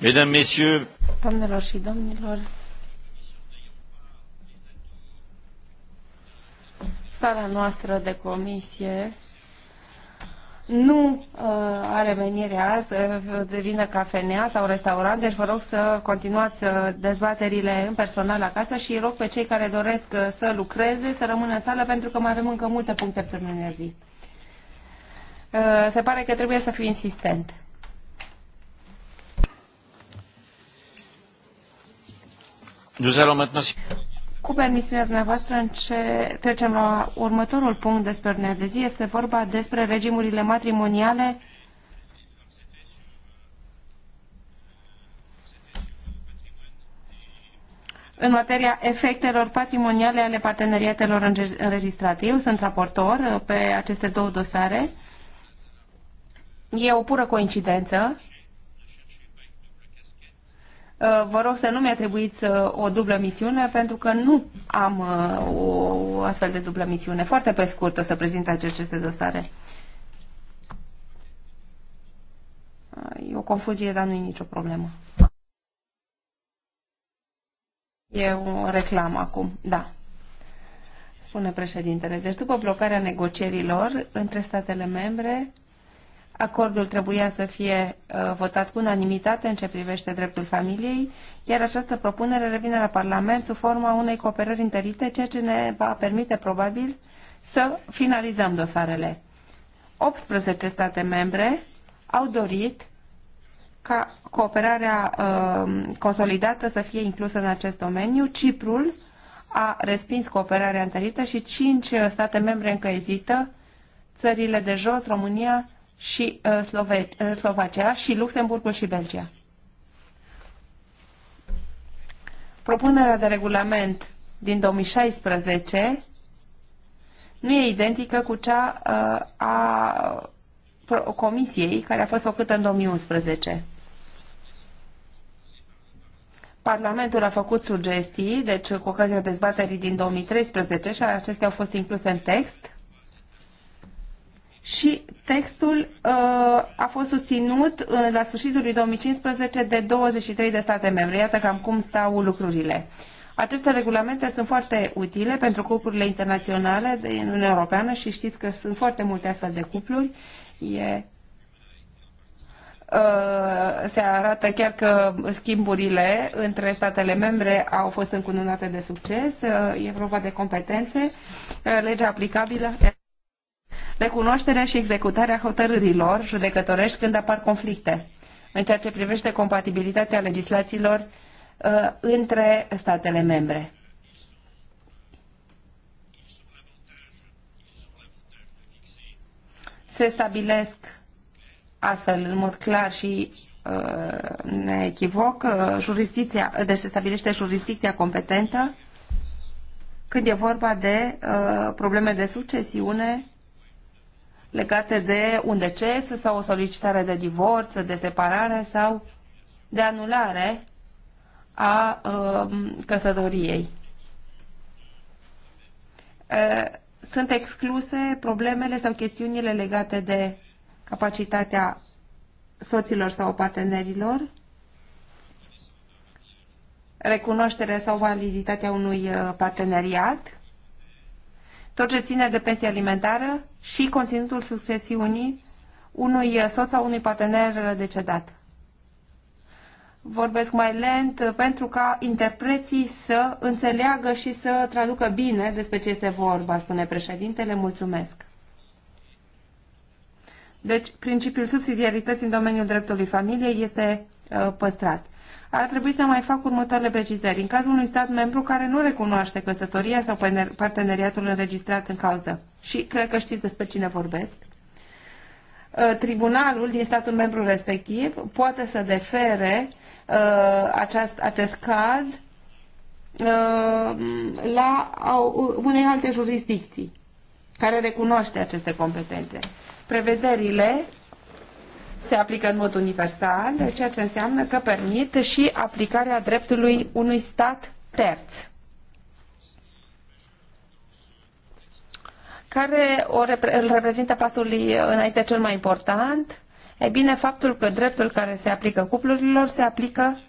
Mesdames, Messieurs, Doamnelor și domnilor, sala noastră de comisie nu uh, are venire azi, uh, devine cafenea sau restaurant, deci vă rog să continuați uh, dezbaterile în personal acasă și rog pe cei care doresc uh, să lucreze să rămână în sală pentru că mai avem încă multe puncte pe zi. Uh, se pare că trebuie să fiu insistent. Cu permisiunea dumneavoastră, în trecem la următorul punct despre ordinea de zi. Este vorba despre regimurile matrimoniale în materia efectelor patrimoniale ale parteneriatelor înregistrate. Eu sunt raportor uh, pe aceste două dosare. E o pură coincidență Uh, vă rog să nu mi-atribuiți o dublă misiune, pentru că nu am uh, o astfel de dublă misiune. Foarte pe scurt o să prezint aceste dosare. Uh, e o confuzie, dar nu e nicio problemă. E o reclamă acum, da. Spune președintele. Deci după blocarea negocierilor între statele membre, Acordul trebuia să fie uh, votat cu unanimitate în ce privește dreptul familiei, iar această propunere revine la Parlament sub forma unei cooperări întărite, ceea ce ne va permite probabil să finalizăm dosarele. 18 state membre au dorit ca cooperarea uh, consolidată să fie inclusă în acest domeniu. Ciprul a respins cooperarea întărită și 5 state membre încă ezită, țările de jos, România, și uh, Slove- uh, Slovacia și Luxemburgul și Belgia. Propunerea de regulament din 2016 nu e identică cu cea uh, a Comisiei care a fost făcută în 2011. Parlamentul a făcut sugestii, deci cu ocazia dezbaterii din 2013 și acestea au fost incluse în text și textul uh, a fost susținut uh, la sfârșitul lui 2015 de 23 de state membre. Iată cam cum stau lucrurile. Aceste regulamente sunt foarte utile pentru cuplurile internaționale din Uniunea Europeană și știți că sunt foarte multe astfel de cupluri. E uh, se arată chiar că schimburile între statele membre au fost încununate de succes. E vorba de competențe, legea aplicabilă recunoașterea și executarea hotărârilor judecătorești când apar conflicte în ceea ce privește compatibilitatea legislațiilor uh, între statele membre. Se stabilesc astfel, în mod clar și uh, neechivoc, uh, jurisdicția, deci se stabilește jurisdicția competentă când e vorba de uh, probleme de succesiune legate de un deces sau o solicitare de divorț, de separare sau de anulare a um, căsătoriei. sunt excluse problemele sau chestiunile legate de capacitatea soților sau partenerilor, recunoașterea sau validitatea unui uh, parteneriat, tot ce ține de pensie alimentară, și conținutul succesiunii unui soț sau unui partener decedat. Vorbesc mai lent pentru ca interpreții să înțeleagă și să traducă bine despre ce este vorba, spune președintele. Mulțumesc! Deci, principiul subsidiarității în domeniul dreptului familiei este uh, păstrat ar trebui să mai fac următoarele precizări. În cazul unui stat membru care nu recunoaște căsătoria sau parteneriatul înregistrat în cauză, și cred că știți despre cine vorbesc, uh, tribunalul din statul membru respectiv poate să defere uh, aceast, acest caz uh, la uh, unei alte jurisdicții care recunoaște aceste competențe. Prevederile se aplică în mod universal, ceea ce înseamnă că permit și aplicarea dreptului unui stat terț. care o repre- îl reprezintă pasul înainte cel mai important, e bine faptul că dreptul care se aplică cuplurilor se aplică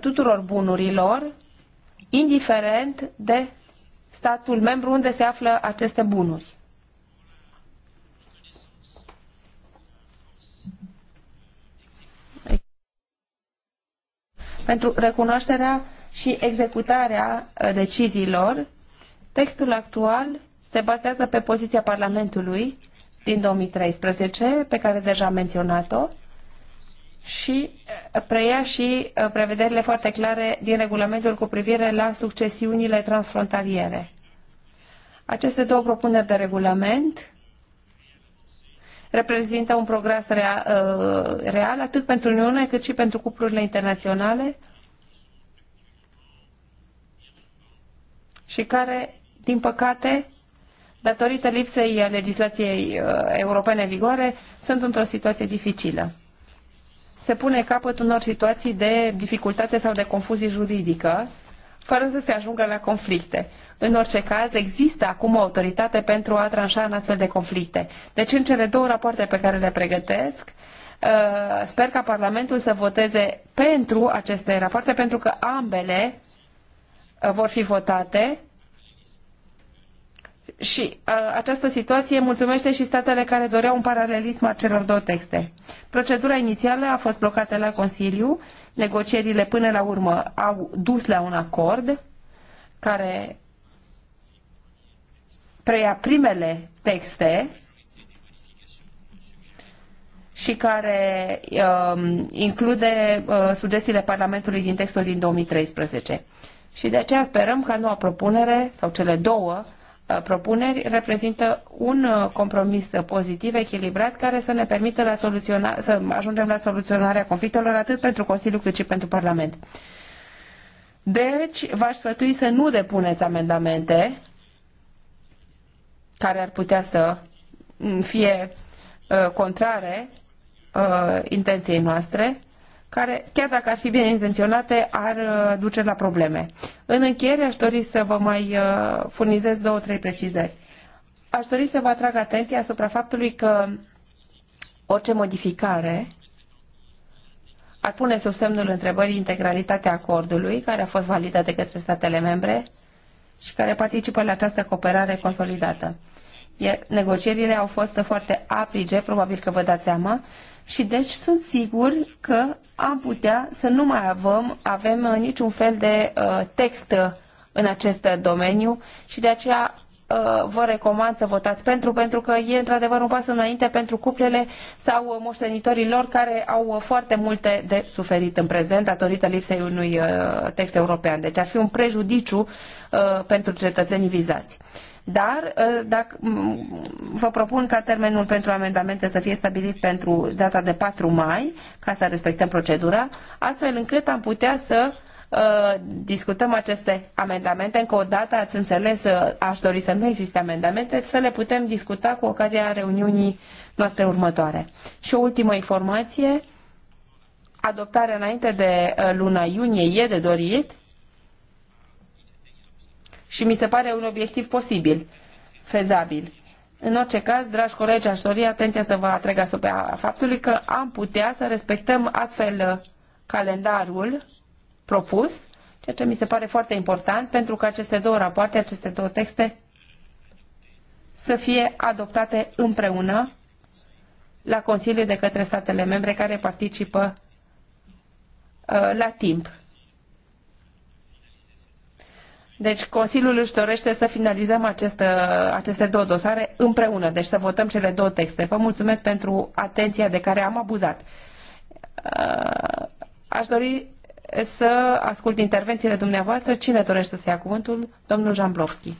tuturor bunurilor, indiferent de statul membru unde se află aceste bunuri. pentru recunoașterea și executarea uh, deciziilor. Textul actual se bazează pe poziția Parlamentului din 2013, pe care deja am menționat-o, și uh, preia și uh, prevederile foarte clare din regulamentul cu privire la succesiunile transfrontaliere. Aceste două propuneri de regulament reprezintă un progres rea, uh, real atât pentru Uniune cât și pentru cuplurile internaționale și care, din păcate, datorită lipsei legislației uh, europene în vigoare, sunt într-o situație dificilă. Se pune capăt unor situații de dificultate sau de confuzie juridică fără să se ajungă la conflicte. În orice caz, există acum o autoritate pentru a tranșa în astfel de conflicte. Deci, în cele două rapoarte pe care le pregătesc, uh, sper ca Parlamentul să voteze pentru aceste rapoarte, pentru că ambele uh, vor fi votate și uh, această situație mulțumește și statele care doreau un paralelism a celor două texte. Procedura inițială a fost blocată la Consiliu, negocierile până la urmă au dus la un acord care preia primele texte și care uh, include uh, sugestiile Parlamentului din textul din 2013. Și de aceea sperăm ca noua propunere, sau cele două Uh, propuneri reprezintă un uh, compromis pozitiv, echilibrat, care să ne permită la soluționa, să ajungem la soluționarea conflictelor atât pentru Consiliu cât și pentru Parlament. Deci, v-aș sfătui să nu depuneți amendamente care ar putea să mm, fie uh, contrare uh, intenției noastre care, chiar dacă ar fi bine intenționate, ar uh, duce la probleme. În încheiere aș dori să vă mai uh, furnizez două, trei precizări. Aș dori să vă atrag atenția asupra faptului că orice modificare ar pune sub semnul întrebării integralitatea acordului care a fost validat de către statele membre și care participă la această cooperare consolidată. Iar negocierile au fost foarte aprige, probabil că vă dați seama, și deci sunt sigur că am putea să nu mai avem, avem uh, niciun fel de uh, text uh, în acest domeniu și de aceea uh, vă recomand să votați pentru, pentru că e într-adevăr un pas înainte pentru cuplele sau moștenitorii lor care au foarte multe de suferit în prezent datorită lipsei unui text european. Deci ar fi un prejudiciu pentru cetățenii vizați dar ă, dacă, vă propun ca termenul pentru amendamente să fie stabilit pentru data de 4 mai, ca să respectăm procedura, astfel încât am putea să ă, discutăm aceste amendamente. Încă o dată ați înțeles, ă, aș dori să nu existe amendamente, să le putem discuta cu ocazia reuniunii noastre următoare. Și o ultimă informație, adoptarea înainte de luna iunie e de dorit, și mi se pare un obiectiv posibil, fezabil. În orice caz, dragi colegi, aș dori atenția să vă atrag asupra faptului că am putea să respectăm astfel uh, calendarul propus, ceea ce mi se pare foarte important pentru că aceste două rapoarte, aceste două texte să fie adoptate împreună la Consiliu de către statele membre care participă uh, la timp deci Consiliul își dorește să finalizăm aceste aceste două dosare împreună, deci să votăm cele două texte. Vă mulțumesc pentru atenția de care am abuzat. Uh, aș dori să ascult intervențiile dumneavoastră. Cine dorește să ia cuvântul? Domnul Blovski.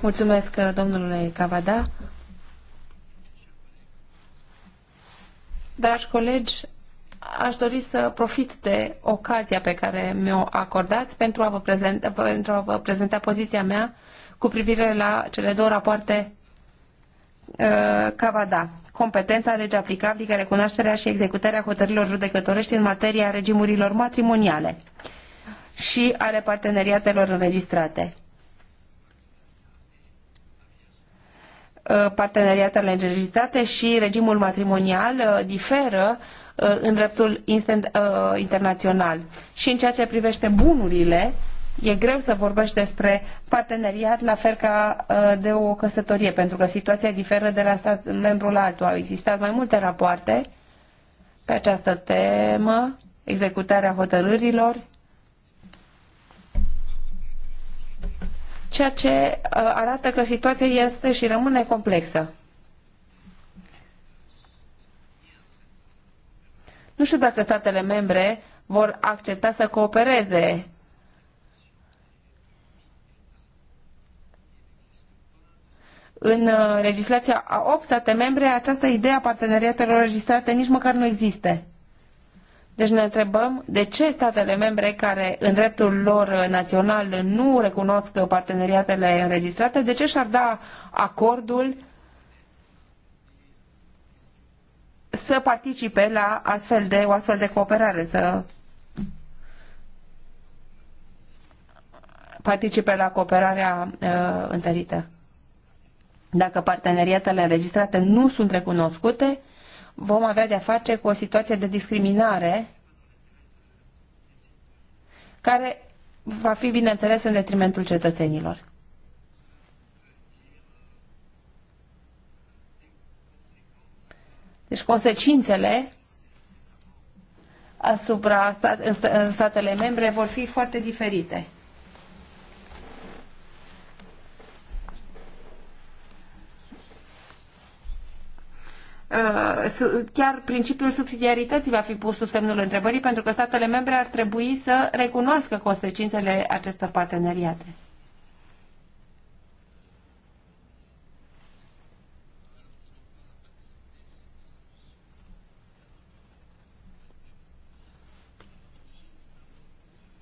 Mulțumesc, uh, domnule Cavada. Dragi colegi, aș dori să profit de ocazia pe care mi-o acordați pentru a, vă prezenta, pentru a vă prezenta poziția mea cu privire la cele două rapoarte uh, Cavada. Competența, lege aplicabilă, recunoașterea și executarea hotărârilor judecătorești în materia regimurilor matrimoniale și ale parteneriatelor înregistrate. Uh, parteneriatele înregistrate și regimul matrimonial uh, diferă Uh, în dreptul instant, uh, internațional. Și în ceea ce privește bunurile, e greu să vorbești despre parteneriat la fel ca uh, de o căsătorie, pentru că situația diferă de la stat membru la altul. Au existat mai multe rapoarte pe această temă, executarea hotărârilor, ceea ce uh, arată că situația este și rămâne complexă. Nu știu dacă statele membre vor accepta să coopereze în uh, legislația a 8 state membre, această idee a parteneriatelor registrate nici măcar nu există. Deci ne întrebăm de ce statele membre care în dreptul lor național nu recunosc parteneriatele înregistrate, de ce și-ar da acordul să participe la astfel de, o astfel de cooperare, să participe la cooperarea uh, întărită. Dacă parteneriatele înregistrate nu sunt recunoscute, vom avea de-a face cu o situație de discriminare care va fi, bineînțeles, în detrimentul cetățenilor. Deci consecințele asupra stat, statele membre vor fi foarte diferite. Uh, chiar principiul subsidiarității va fi pus sub semnul întrebării pentru că statele membre ar trebui să recunoască consecințele acestor parteneriate.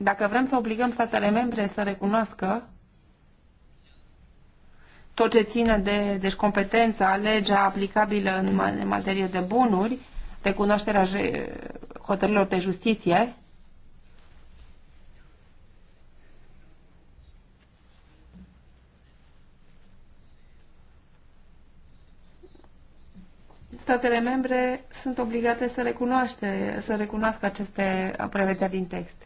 Dacă vrem să obligăm statele membre să recunoască tot ce ține de deci, competența, legea aplicabilă în materie de bunuri, de cunoașterea hotărârilor de justiție, statele membre sunt obligate să, recunoaște, să recunoască aceste prevederi din text.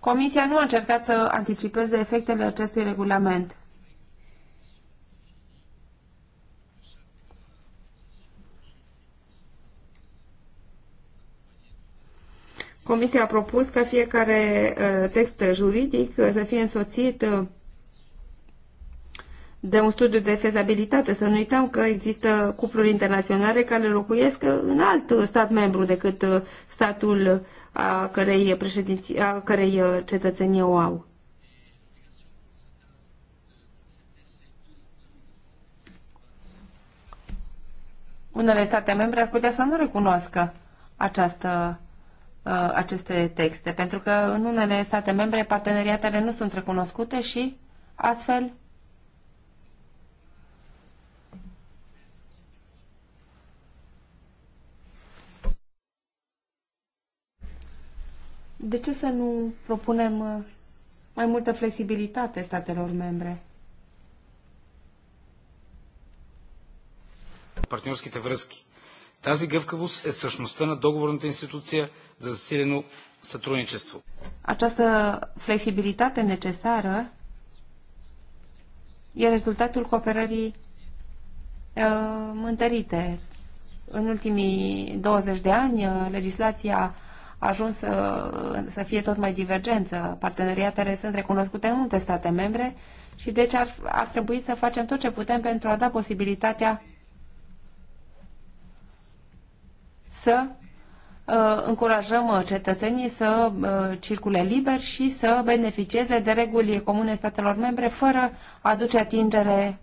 Comisia nu a încercat să anticipeze efectele acestui regulament. Comisia a propus ca fiecare uh, text juridic uh, să fie însoțit uh, de un studiu de fezabilitate. Să nu uităm că există cupluri internaționale care locuiesc în alt stat membru decât uh, statul a cărei, președinți, a cărei uh, cetățenie o au. Unele state membre ar putea să nu recunoască această, uh, aceste texte, pentru că în unele state membre parteneriatele nu sunt recunoscute și astfel De ce să nu propunem uh, mai multă flexibilitate statelor membre? партньорските връзки. Тази гъвкавост е същността на договорната институция за засилено сътрудничество. Această flexibilitate necesară e rezultatul cooperării mântărite. Uh, În ultimii 20 de ani, uh, legislația ajuns să, să fie tot mai divergență. Parteneriatele sunt recunoscute în multe state membre și deci ar, ar trebui să facem tot ce putem pentru a da posibilitatea să uh, încurajăm uh, cetățenii să uh, circule liber și să beneficieze de reguli comune statelor membre fără a aduce atingere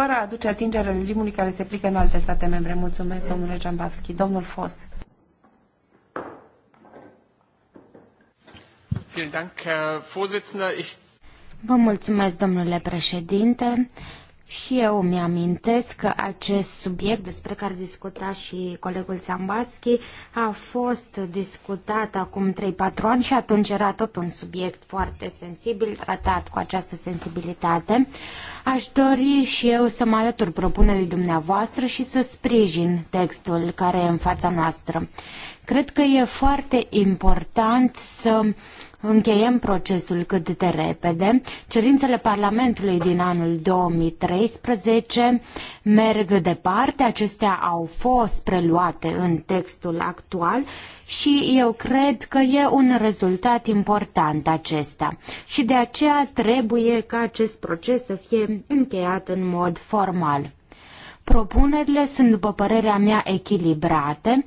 fără a aduce atingere regimului care se aplică în alte state membre. Mulțumesc, domnule Giambavski. Domnul Fos. Vă mulțumesc, domnule președinte. Și eu mi-amintesc că acest subiect despre care discuta și colegul Sambaschi a fost discutat acum 3-4 ani și atunci era tot un subiect foarte sensibil, tratat cu această sensibilitate. Aș dori și eu să mă alătur propunerii dumneavoastră și să sprijin textul care e în fața noastră. Cred că e foarte important să încheiem procesul cât de repede. Cerințele Parlamentului din anul 2013 merg departe, acestea au fost preluate în textul actual și eu cred că e un rezultat important acesta. Și de aceea trebuie ca acest proces să fie încheiat în mod formal. Propunerile sunt, după părerea mea, echilibrate,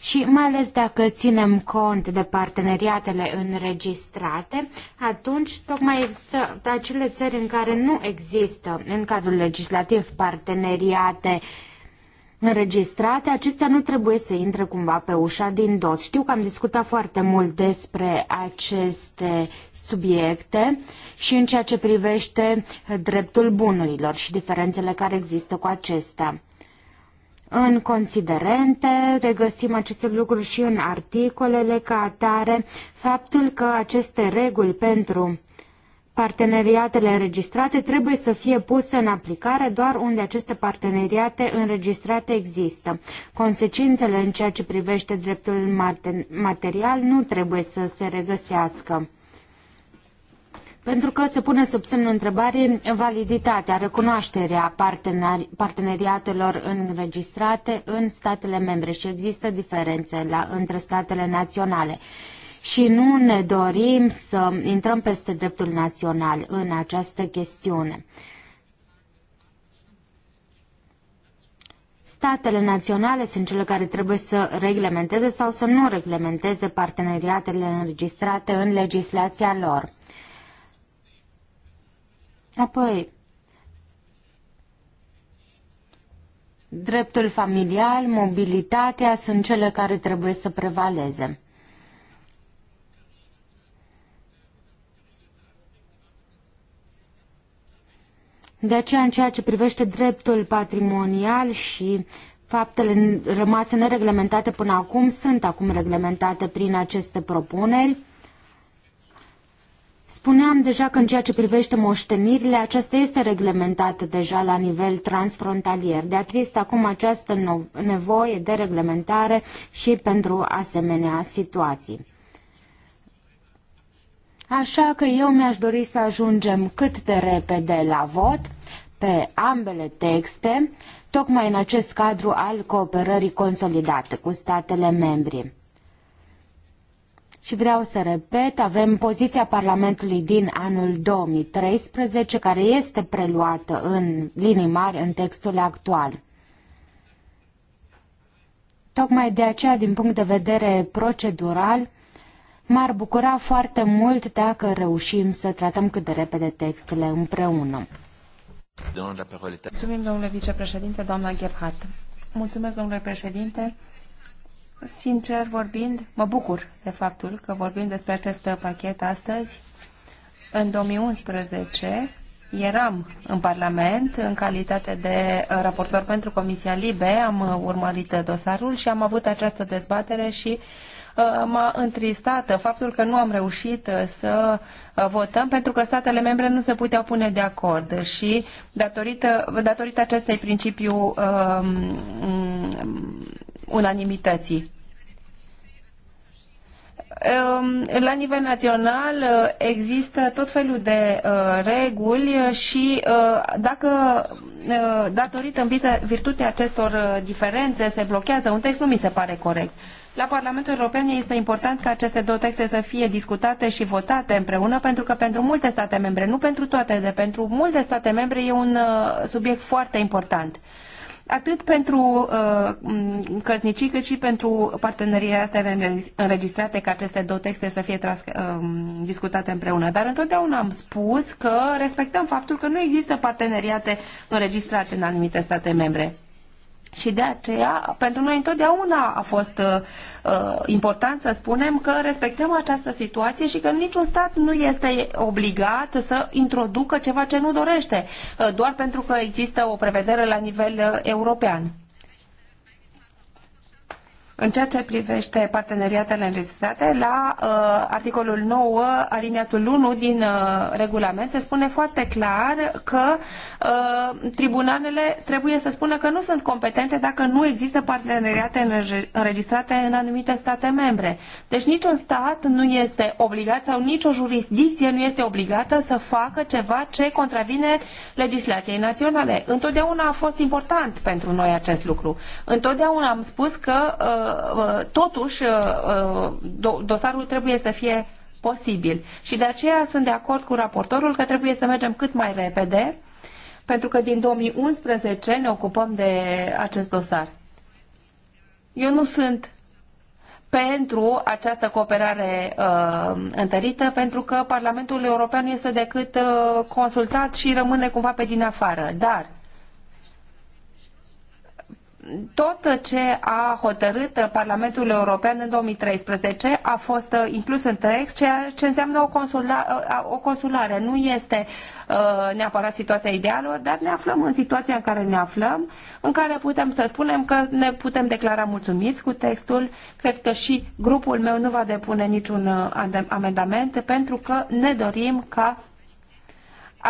și mai ales dacă ținem cont de parteneriatele înregistrate, atunci tocmai există acele țări în care nu există în cadrul legislativ parteneriate înregistrate, acestea nu trebuie să intre cumva pe ușa din dos. Știu că am discutat foarte mult despre aceste subiecte și în ceea ce privește dreptul bunurilor și diferențele care există cu acestea în considerente, regăsim aceste lucruri și în articolele ca atare, faptul că aceste reguli pentru parteneriatele înregistrate trebuie să fie puse în aplicare doar unde aceste parteneriate înregistrate există. Consecințele în ceea ce privește dreptul material nu trebuie să se regăsească pentru că se pune sub semnul întrebării validitatea, recunoașterea parteneri parteneriatelor înregistrate în statele membre și există diferențe la, între statele naționale. Și nu ne dorim să intrăm peste dreptul național în această chestiune. statele naționale sunt cele care trebuie să reglementeze sau să nu reglementeze parteneriatele înregistrate în legislația lor. Apoi, dreptul familial, mobilitatea sunt cele care trebuie să prevaleze. De aceea, în ceea ce privește dreptul patrimonial și faptele rămase nereglementate până acum, sunt acum reglementate prin aceste propuneri. Spuneam deja că în ceea ce privește moștenirile, aceasta este reglementată deja la nivel transfrontalier. De există acum această nevoie de reglementare și pentru asemenea situații. Așa că eu mi-aș dori să ajungem cât de repede la vot pe ambele texte, tocmai în acest cadru al cooperării consolidate cu statele membrii. Și vreau să repet, avem poziția Parlamentului din anul 2013, care este preluată în linii mari în textul actual. Tocmai de aceea, din punct de vedere procedural, m-ar bucura foarte mult dacă reușim să tratăm cât de repede textele împreună. Mulțumim, domnule vicepreședinte, doamna Gebhardt. Mulțumesc, domnule președinte. Sincer vorbind, mă bucur de faptul că vorbim despre acest pachet astăzi. În 2011 eram în Parlament în calitate de uh, raportor pentru Comisia Libe, am uh, urmărit uh, dosarul și am avut această dezbatere și m-a întristat faptul că nu am reușit să votăm pentru că statele membre nu se puteau pune de acord și datorită, datorită acestei principiu um, unanimității. Ehm, la nivel național eh, există tot felul de eh, reguli și eh, dacă datorită în virtutea acestor diferențe se blochează un text, nu mi se pare corect. La Parlamentul European este important ca aceste două texte să fie discutate și votate împreună, pentru că pentru multe state membre, nu pentru toate, de pentru multe state membre, e un subiect foarte important. Uh, atât pentru uh, căsnicii, cât și pentru parteneriatele înregistrate, ca aceste două texte să fie tras, uh, discutate împreună. Dar întotdeauna am spus că respectăm faptul că nu există parteneriate înregistrate în anumite state membre. Și de aceea, pentru noi întotdeauna a fost uh, uh, important să spunem că respectăm această situație și că niciun stat nu este obligat să introducă ceva ce nu dorește, uh, doar pentru că există o prevedere la nivel uh, european. În ceea ce privește parteneriatele înregistrate, la uh, articolul 9, aliniatul 1 din uh, regulament, se spune foarte clar că uh, tribunalele trebuie să spună că nu sunt competente dacă nu există parteneriate înregistrate în anumite state membre. Deci niciun stat nu este obligat sau nicio jurisdicție nu este obligată să facă ceva ce contravine legislației naționale. Întotdeauna a fost important pentru noi acest lucru. Întotdeauna am spus că uh, Uh, uh, totuși uh, dosarul trebuie să fie posibil. Și de aceea sunt de acord cu raportorul că trebuie să mergem cât mai repede, pentru că din 2011 ne ocupăm de acest dosar. Eu nu sunt pentru această cooperare uh, întărită, pentru că Parlamentul European nu este decât uh, consultat și rămâne cumva pe din afară. Dar tot ce a hotărât Parlamentul European în 2013 a fost uh, inclus în text, ceea ce înseamnă o, consula, uh, o consulare. Nu este uh, neapărat situația ideală, dar ne aflăm în situația în care ne aflăm, în care putem să spunem că ne putem declara mulțumiți cu textul. Cred că și grupul meu nu va depune niciun amendament pentru că ne dorim ca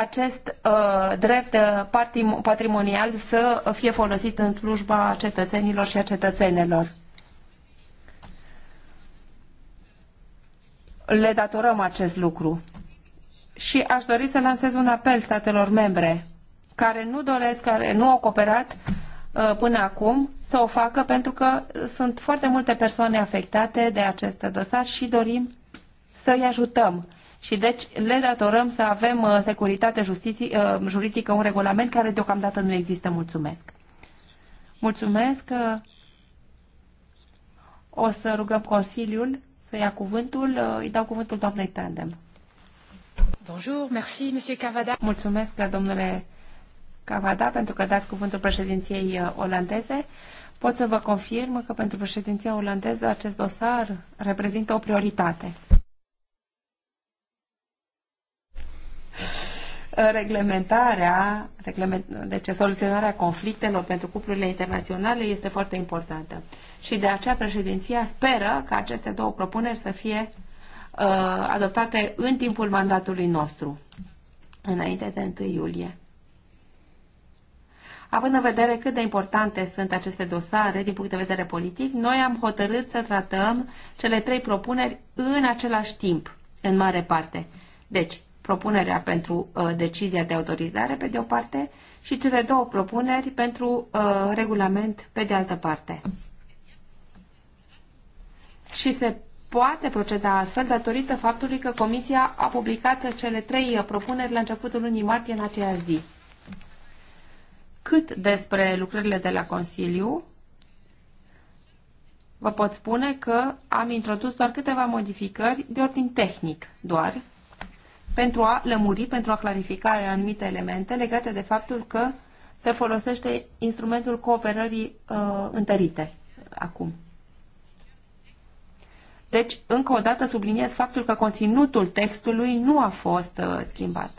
acest uh, drept uh, patrimonial să fie folosit în slujba cetățenilor și a cetățenelor. Le datorăm acest lucru. Și aș dori să lansez un apel statelor membre care nu doresc, care nu au cooperat uh, până acum, să o facă pentru că sunt foarte multe persoane afectate de acest dosar și dorim să-i ajutăm și deci le datorăm să avem uh, securitate justiții, uh, juridică, un regulament care deocamdată nu există. Mulțumesc! Mulțumesc! Uh, o să rugăm Consiliul să ia cuvântul. Îi dau cuvântul doamnei Tandem. Bonjour, merci, monsieur Cavada. Mulțumesc, domnule Cavada, pentru că dați cuvântul președinției olandeze. Pot să vă confirm că pentru președinția olandeză acest dosar reprezintă o prioritate. reglementarea, reglement, deci soluționarea conflictelor pentru cuplurile internaționale este foarte importantă. Și de aceea președinția speră că aceste două propuneri să fie uh, adoptate în timpul mandatului nostru, înainte de 1 iulie. Având în vedere cât de importante sunt aceste dosare din punct de vedere politic, noi am hotărât să tratăm cele trei propuneri în același timp, în mare parte. Deci, propunerea pentru uh, decizia de autorizare, pe de o parte, și cele două propuneri pentru uh, regulament, pe de altă parte. Și se poate proceda astfel datorită faptului că Comisia a publicat cele trei uh, propuneri la începutul lunii martie în aceeași zi. Cât despre lucrările de la Consiliu, vă pot spune că am introdus doar câteva modificări de ordin tehnic, doar pentru a lămuri, pentru a clarifica anumite elemente legate de faptul că se folosește instrumentul cooperării uh, întărite acum. Deci, încă o dată subliniez faptul că conținutul textului nu a fost uh, schimbat.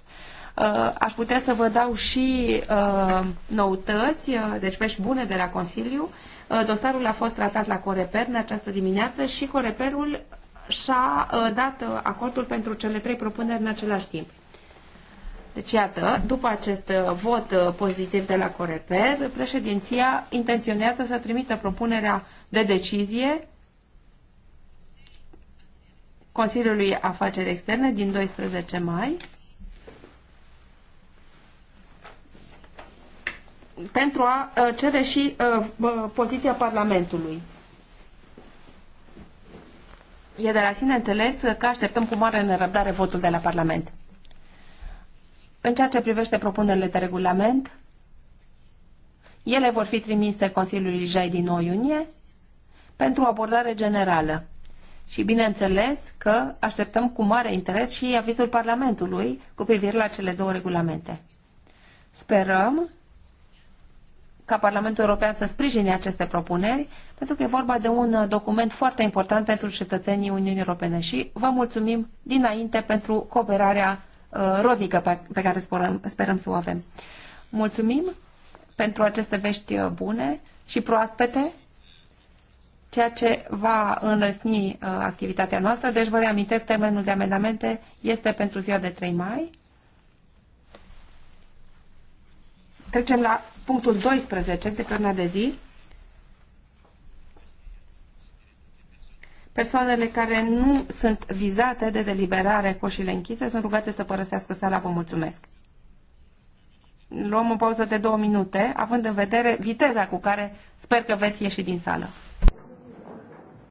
Uh, aș putea să vă dau și uh, noutăți, uh, deci vești bune de la Consiliu. Uh, dosarul a fost tratat la Coreper în această dimineață și Coreperul și-a uh, dat uh, acordul pentru cele trei propuneri în același timp. Deci, iată, după acest uh, vot pozitiv de la Coreper, președinția intenționează să trimită propunerea de decizie Consiliului Afaceri Externe din 12 mai pentru a cere și poziția Parlamentului e de la sine înțeles că așteptăm cu mare nerăbdare votul de la Parlament. În ceea ce privește propunerile de regulament, ele vor fi trimise Consiliului Jai din 9 iunie pentru abordare generală. Și bineînțeles că așteptăm cu mare interes și avizul Parlamentului cu privire la cele două regulamente. Sperăm ca Parlamentul European să sprijine aceste propuneri, pentru că e vorba de un uh, document foarte important pentru cetățenii Uniunii Europene și vă mulțumim dinainte pentru cooperarea uh, rodnică pe care sperăm, sperăm să o avem. Mulțumim pentru aceste vești uh, bune și proaspete, ceea ce va înrăsni activitatea noastră. Deci vă reamintesc, termenul de amendamente este pentru ziua de 3 mai. Trecem la punctul 12 de pe de zi. Persoanele care nu sunt vizate de deliberare cu oșile închise sunt rugate să părăsească sala. Vă mulțumesc! Luăm o pauză de două minute, având în vedere viteza cu care sper că veți ieși din sală.